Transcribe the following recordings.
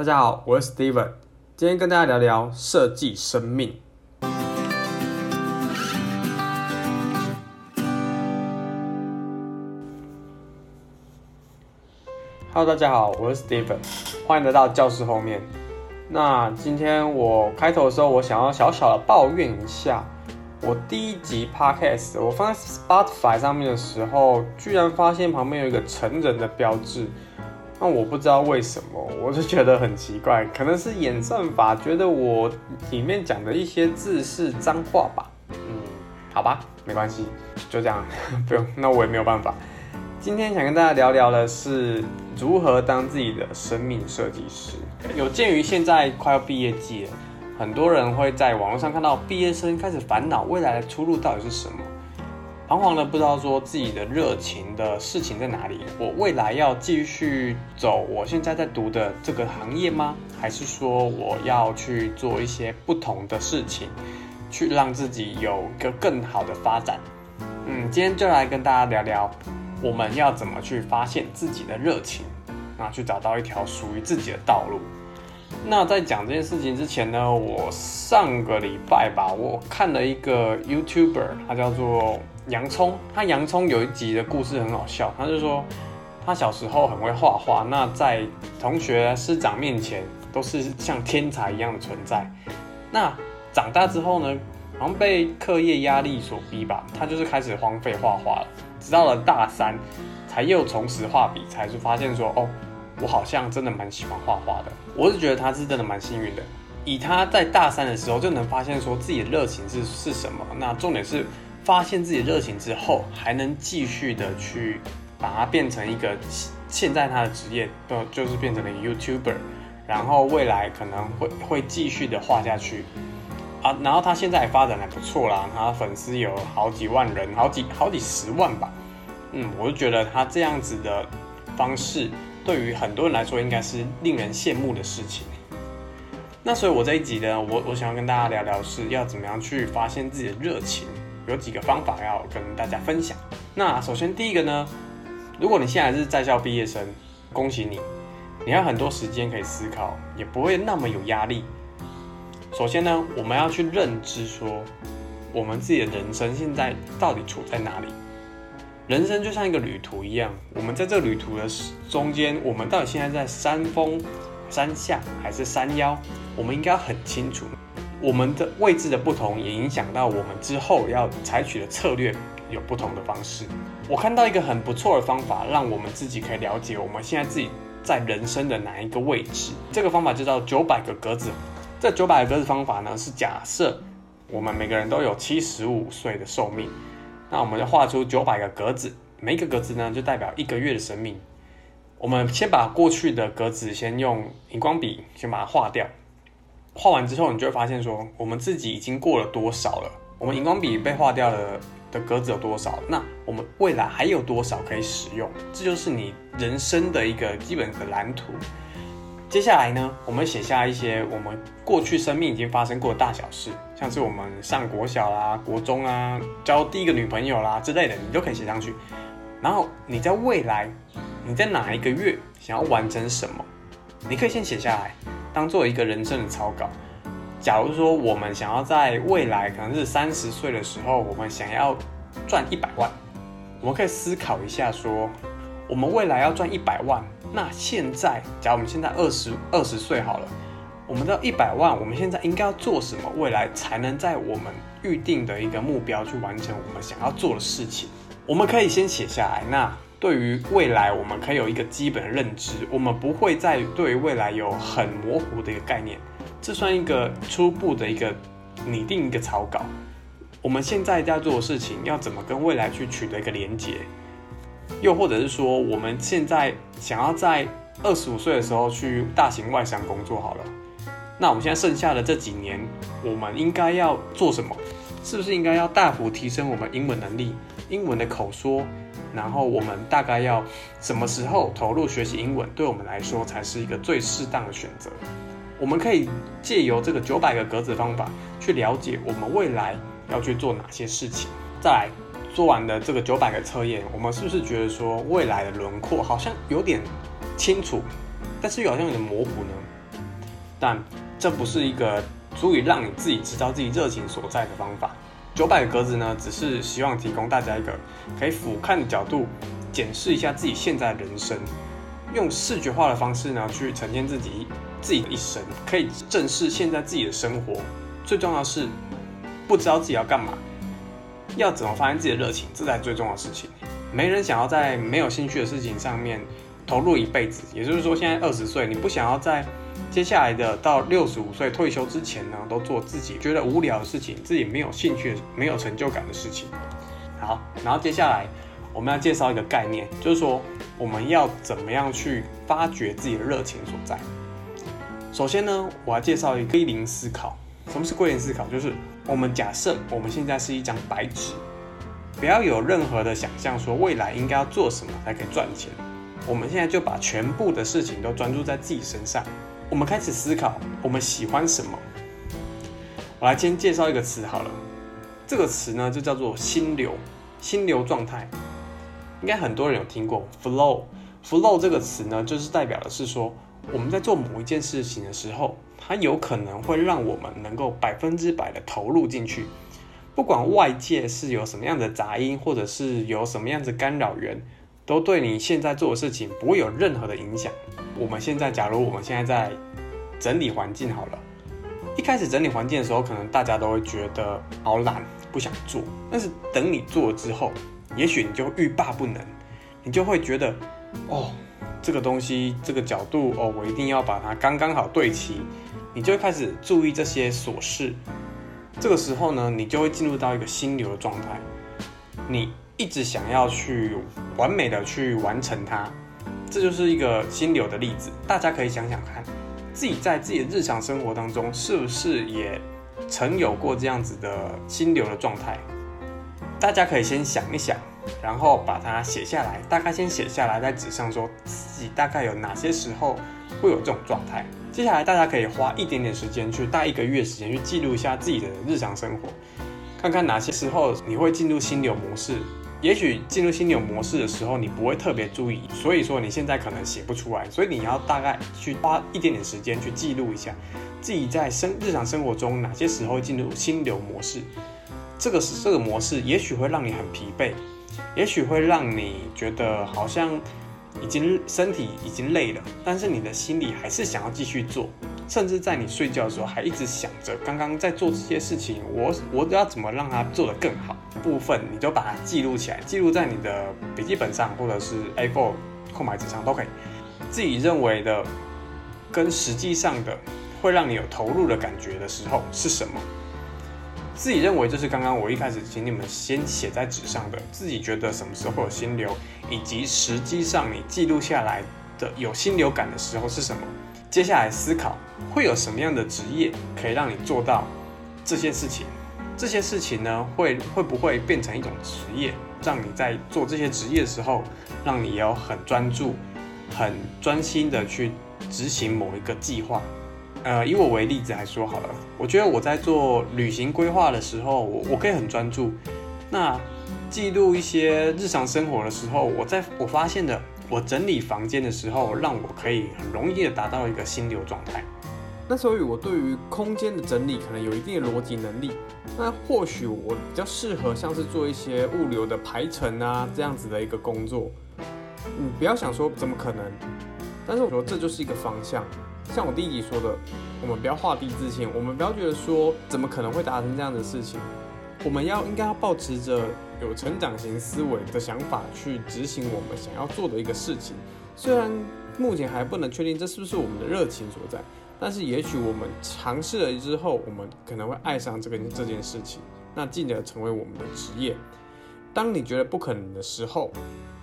大家好，我是 Steven，今天跟大家聊聊設計生命。Hello，大家好，我是 Steven，歡迎來到教室後面。那今天我開頭的時候，我想要小小的抱怨一下，我第一集 Podcast 我放在 Spotify 上面的時候，居然發現旁邊有一個成人的標誌。那我不知道為什麼，我就覺得很奇怪，可能是演算法覺得我裡面講的一些字是髒話吧。嗯，好吧，沒關係，就這樣，不用，那我也沒有辦法。今天想跟大家聊聊的是如何當自己的生命設計師。有鑑於現在快要畢業季了，很多人會在網絡上看到畢業生開始煩惱未來的出路到底是什麼。彷徨的不知道說自己的熱情的事情在哪裡。我未來要繼續走我現在在讀的這個行業嗎？還是說我要去做一些不同的事情，去讓自己有一個更好的發展？嗯，今天就來跟大家聊聊，我們要怎麼去發現自己的熱情，那去找到一條屬於自己的道路。那在講這件事情之前呢，我上個禮拜吧，我看了一個 YouTuber，他叫做。洋蔥，他洋蔥有一集的故事很好笑。他就說，他小時候很會畫畫，那在同學師長面前都是像天才一樣的存在。那長大之後呢，好像被課業壓力所逼吧，他就是開始荒廢畫畫了。直到了大三，才又重拾畫筆，才就發現說，哦，我好像真的蠻喜歡畫畫的。我是覺得他是真的蠻幸運的，以他在大三的時候就能發現說自己的熱情是是什麼。那重點是。發現自己的熱情之後，還能繼續的去把它變成一個現在他的職業，就是變成了 YouTuber，然後未來可能會會繼續的畫下去啊，然後他現在也發展還不錯啦，他粉絲有好幾萬人，好幾好幾十萬吧，嗯，我就覺得他這樣子的方式對於很多人來說應該是令人羨慕的事情。那所以，我這一集呢，我我想要跟大家聊聊是要怎麼樣去發現自己的熱情。有幾個方法要跟大家分享。那首先第一個呢，如果你現在還是在校畢業生，恭喜你，你要很多時間可以思考，也不會那麼有壓力。首先呢，我們要去認知說，我們自己的人生現在到底處在哪裡？人生就像一個旅途一樣，我們在這旅途的中間，我們到底現在在山峰、山下還是山腰？我們應該要很清楚。我們的位置的不同，也影響到我們之後要採取的策略有不同的方式。我看到一個很不錯的方法，讓我們自己可以了解我們現在自己在人生的哪一個位置。這個方法就叫九百個格子。這九百個格子方法呢，是假設我們每個人都有七十五歲的壽命，那我們就畫出九百個格子，每一個格子呢就代表一個月的生命。我們先把過去的格子先用熒光筆先把它畫掉。畫完之後，你就會發現說，我們自己已經過了多少了？我們熒光筆被畫掉了的格子有多少？那我們未來還有多少可以使用？這就是你人生的一個基本的藍圖。接下來呢，我們寫下一些我們過去生命已經發生過的大小事，像是我們上國小啦、國中啊、交第一個女朋友啦之類的，你都可以寫上去。然後你在未來，你在哪一個月想要完成什麼？你可以先寫下來。當做一個人生的草稿。假如說我們想要在未來可能是三十歲的時候，我們想要賺一百萬，我們可以思考一下說：說我們未來要賺一百萬，那現在，假如我們現在二十二十歲好了，我們到一百萬，我們現在應該要做什麼？未來才能在我們預定的一個目標去完成我們想要做的事情？我們可以先寫下來。那對於未來，我們可以有一個基本的認知，我們不會再對未來有很模糊的一個概念。這算一個初步的一個擬定一個草稿。我們現在在做的事情，要怎麼跟未來去取得一個連接？又或者是說，我們現在想要在二十五歲的時候去大型外商工作好了，那我們現在剩下的這幾年，我們應該要做什麼？是不是應該要大幅提升我們英文能力，英文的口說？然後我們大概要什麼時候投入學習英文，對我們來說才是一個最適當的選擇。我們可以借由這個九百個格子的方法去了解我們未來要去做哪些事情。再來，做完的這個九百個測驗，我們是不是覺得說未來的輪廓好像有點清楚，但是又好像有點模糊呢？但這不是一個足以讓你自己知道自己熱情所在的方法。九百個格子呢，只是希望提供大家一個可以俯瞰的角度，檢視一下自己現在的人生，用視覺化的方式呢，去呈現自己自己的一生，可以正視現在自己的生活。最重要的是不知道自己要幹嘛，要怎麼發現自己的熱情，這才最重要的事情。沒人想要在沒有興趣的事情上面投入一輩子。也就是說，現在二十歲，你不想要在接下來的到六十五歲退休之前呢，都做自己覺得無聊的事情，自己沒有興趣、沒有成就感的事情。好，然後接下來我們要介紹一個概念，就是說我們要怎麼樣去發掘自己的熱情所在。首先呢，我要介紹一個歸零思考。什麼是歸零思考？就是我們假設我們現在是一張白紙，不要有任何的想象，說未來應該要做什麼才可以賺錢。我們現在就把全部的事情都專注在自己身上。我們開始思考，我們喜歡什麼？我來先介紹一個詞好了，這個詞呢就叫做心流，心流狀態，應該很多人有聽過。flow，flow Flow 這個詞呢，就是代表的是說，我們在做某一件事情的時候，它有可能會讓我們能夠百分之百的投入進去，不管外界是有什麼樣的雜音，或者是有什麼樣的干擾源。都對你現在做的事情不會有任何的影響。我們現在，假如我們現在在整理環境好了，一開始整理環境的時候，可能大家都會覺得好懶，不想做。但是等你做了之後，也許你就欲罷不能，你就會覺得，哦，這個東西，這個角度哦，我一定要把它剛剛好對齊。你就會開始注意這些瑣事，這個時候呢，你就會進入到一個心流的狀態，你。一直想要去完美的去完成它，這就是一個心流的例子。大家可以想想看，自己在自己的日常生活當中是不是也曾有過這樣子的心流的狀態？大家可以先想一想，然後把它寫下來，大概先寫下來在紙上，說自己大概有哪些時候會有這種狀態。接下來大家可以花一點點時間去，大一個月時間去記錄一下自己的日常生活，看看哪些時候你會進入心流模式。也許進入心流模式的時候，你不會特別注意，所以說你現在可能寫不出來，所以你要大概去花一點點時間去記錄一下，自己在生日常生活中哪些時候進入心流模式。這個是這個模式，也許會讓你很疲憊，也許會讓你覺得好像已經身體已經累了，但是你的心裡還是想要繼續做。甚至在你睡覺的時候，還一直想着剛剛在做這些事情，我我要怎麼讓它做得更好的部分，你就把它記錄起來，記錄在你的筆記本上或者是 A4 空白紙上都可以。自己認為的跟實際上的，會讓你有投入的感覺的時候是什麼？自己認為就是剛剛我一開始請你們先寫在紙上的，自己覺得什麼時候有心流，以及實際上你記錄下來的有心流感的時候是什麼？接下來思考會有什麼樣的職業可以讓你做到這些事情？這些事情呢，會會不會變成一種職業，讓你在做這些職業的時候，讓你要很專注、很專心地去執行某一個計劃？呃，以我為例子來說好了，我覺得我在做旅行規劃的時候，我我可以很專注。那記錄一些日常生活的時候，我在我發現的。我整理房間的時候，讓我可以很容易地達到一個心流狀態。那所以我對於空間的整理可能有一定的邏輯能力。那或許我比較適合像是做一些物流的排程啊，這樣子的一個工作。你不要想說，怎麼可能，但是我覺得這就是一個方向。像我弟弟說的，我們不要畫地自限，我們不要覺得說怎麼可能會達成這樣的事情。我們要應該要抱持着有成長型思維的想法去執行我們想要做的一個事情。雖然目前還不能確定這是不是我們的熱情所在，但是也許我們嘗試了之後，我們可能會愛上這個這件事情，那進而成為我們的職業。當你覺得不可能的時候，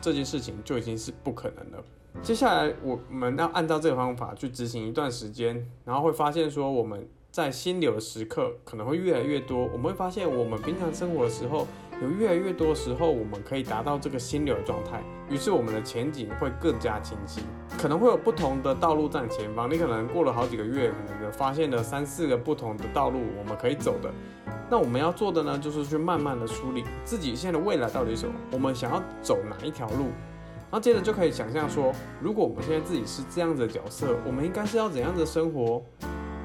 這件事情就已經是不可能了。接下來我們要按照這個方法去執行一段時間，然後會發現說我們。在心流的時刻可能會越來越多，我們會發現我們平常生活的時候，有越來越多時候我們可以達到這個心流的狀態，於是我們的前景會更加清晰，可能會有不同的道路在前方。你可能過了好幾個月，可能發現了三四個不同的道路我們可以走的。那我們要做的呢，就是去慢慢的梳理自己現在的未來到底是什麼，我們想要走哪一條路，然後接着就可以想象說，如果我們現在自己是這樣子的角色，我們應該是要怎樣的生活，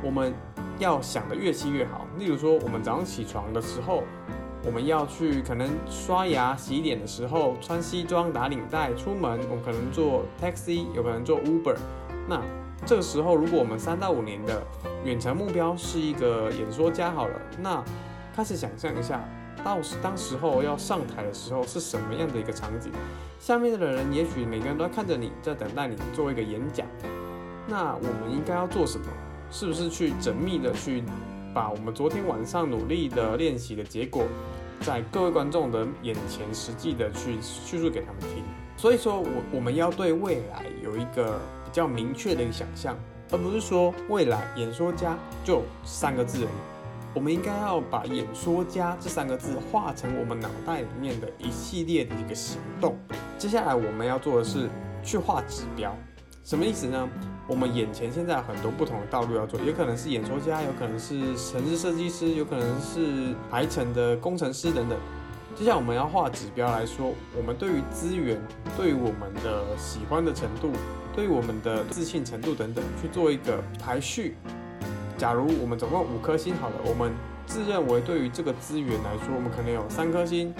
我們。要想得越細越好。例如說，我們早上起床的時候，我們要去可能刷牙、洗臉的時候，穿西裝、打領帶出門。我們可能坐 taxi，有可能坐 Uber。那這個時候，如果我們三到五年的遠程目標是一個演說家好了，那開始想象一下，到時當時候要上台的時候是什麼樣的一個場景？下面的人也許每個人都在看着你在等待你做一個演講。那我們應該要做什麼？是不是去縝密的去把我們昨天晚上努力的練習的結果，在各位觀眾的眼前實際的去敘述給他們聽？所以說，我我們要對未來有一個比較明確的一個想象，而不是說未來演說家就三個字而已。我們應該要把演說家這三個字化成我們腦袋裡面的一系列的一個行動。接下來我們要做的是去畫指標，什麼意思呢？我們眼前現在很多不同的道路要做，有可能是演說家，有可能是城市設計師，有可能是排程的工程師等等。就像我們要畫指標來說，我們對於資源、對於我們的喜歡的程度、對於我們的自信程度等等去做一個排序。假如我們總共五顆星，好了，我們自認為對於這個資源來說，我們可能有三顆星。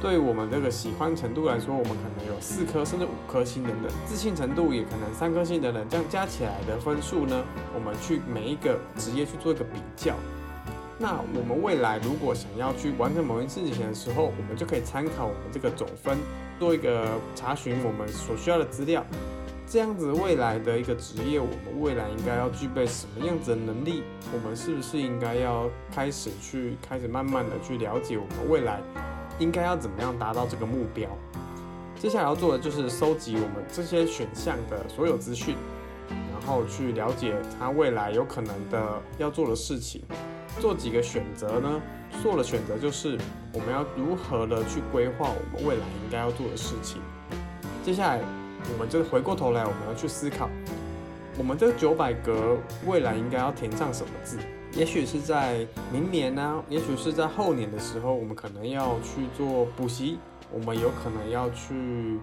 對於我們這個喜歡程度來說，我們可能有四顆甚至五顆星等等，自信程度也可能三顆星等等，這樣加起來的分數呢，我們去每一個職業去做一個比較。那我們未來如果想要去完成某件事情的時候，我們就可以參考我們這個總分，做一個查詢我們所需要的資料。這樣子未來的一個職業，我們未來應該要具備什麼樣子的能力？我們是不是應該要開始去開始慢慢的去了解我們未來？應該要怎麼樣達到這個目標？接下來要做的就是收集我們這些選項的所有資訊，然後去了解他未來有可能的要做的事情。做幾個選擇呢？做了選擇就是我們要如何的去規劃我們未來應該要做的事情。接下來我們就回過頭來，我們要去思考，我們這九百格未來應該要填上什麼字？也許是在明年呢、啊，也許是在後年的時候，我們可能要去做補習，我們有可能要去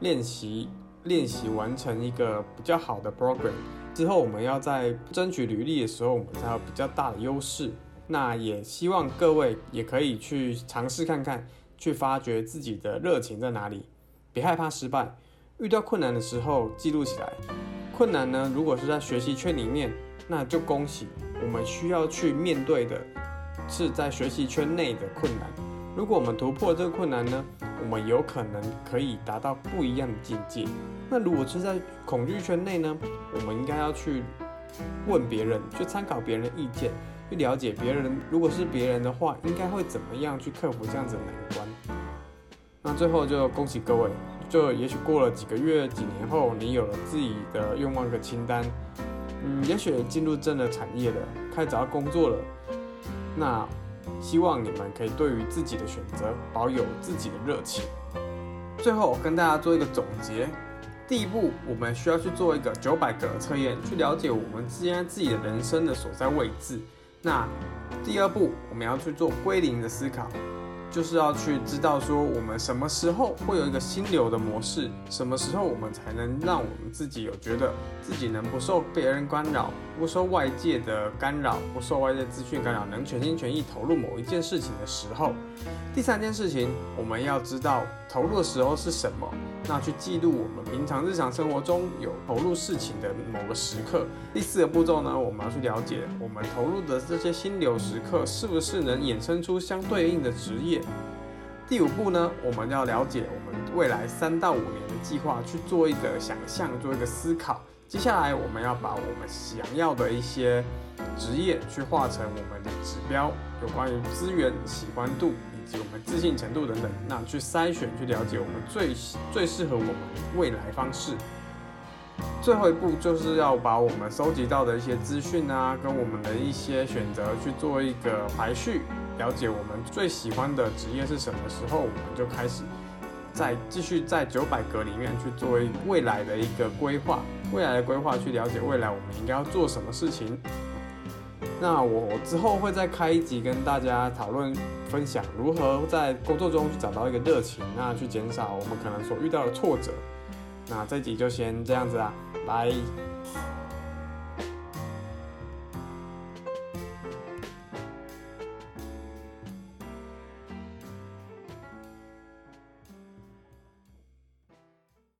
練習，練習完成一個比較好的 program。之後，我們要在爭取履歷的時候，我們才有比較大的優勢。那也希望各位也可以去嘗試看看，去發掘自己的熱情在哪裡。別害怕失敗，遇到困難的時候記錄起來。困難呢，如果是在學習圈裡面，那就恭喜。我們需要去面對的是在學習圈內的困難。如果我們突破這個困難呢，我們有可能可以達到不一樣的境界。那如果是在恐懼圈內呢，我們應該要去問別人，去參考別人的意見，去了解別人。如果是別人的話，應該會怎麼樣去克服這樣子的難關？那最後就恭喜各位，就也許過了幾個月、幾年後，你有了自己的願望和清單。嗯，也許進入正的產業了，開始要工作了。那希望你們可以對於自己的選擇保有自己的熱情。最後我跟大家做一個總結：第一步，我們需要去做一個九百格測驗，去了解我們之間自己的人生的所在位置。那第二步，我們要去做歸零的思考。就是要去知道，說我們什麼時候會有一個心流的模式，什麼時候我們才能讓我們自己有覺得自己能不受別人干擾，不受外界的干擾，不受外界資訊干擾，能全心全意投入某一件事情的時候。第三件事情，我們要知道，投入的時候是什麼？那去記錄我們平常日常生活中有投入事情的某個時刻。第四個步驟呢，我們要去了解我們投入的這些心流時刻是不是能衍生出相對應的職業。第五步呢，我們要了解我們未來三到五年的計劃，去做一個想象，做一個思考。接下來我們要把我們想要的一些職業去化成我們的指標，有關於資源、喜歡度，以及我們自信程度等等，那去篩選、去了解我們最最適合我們的未來方式。最後一步就是要把我們搜集到的一些資訊啊，跟我們的一些選擇去做一個排序，了解我們最喜歡的職業是什麼時候，我們就開始再繼續在九百格裡面去做未來的一個規劃，未來的規劃去了解未來我們應該要做什麼事情。那我之後會再開一集跟大家討論分享如何在工作中去找到一個熱情，那去減少我們可能所遇到的挫折。那這集就先這樣子啦，拜。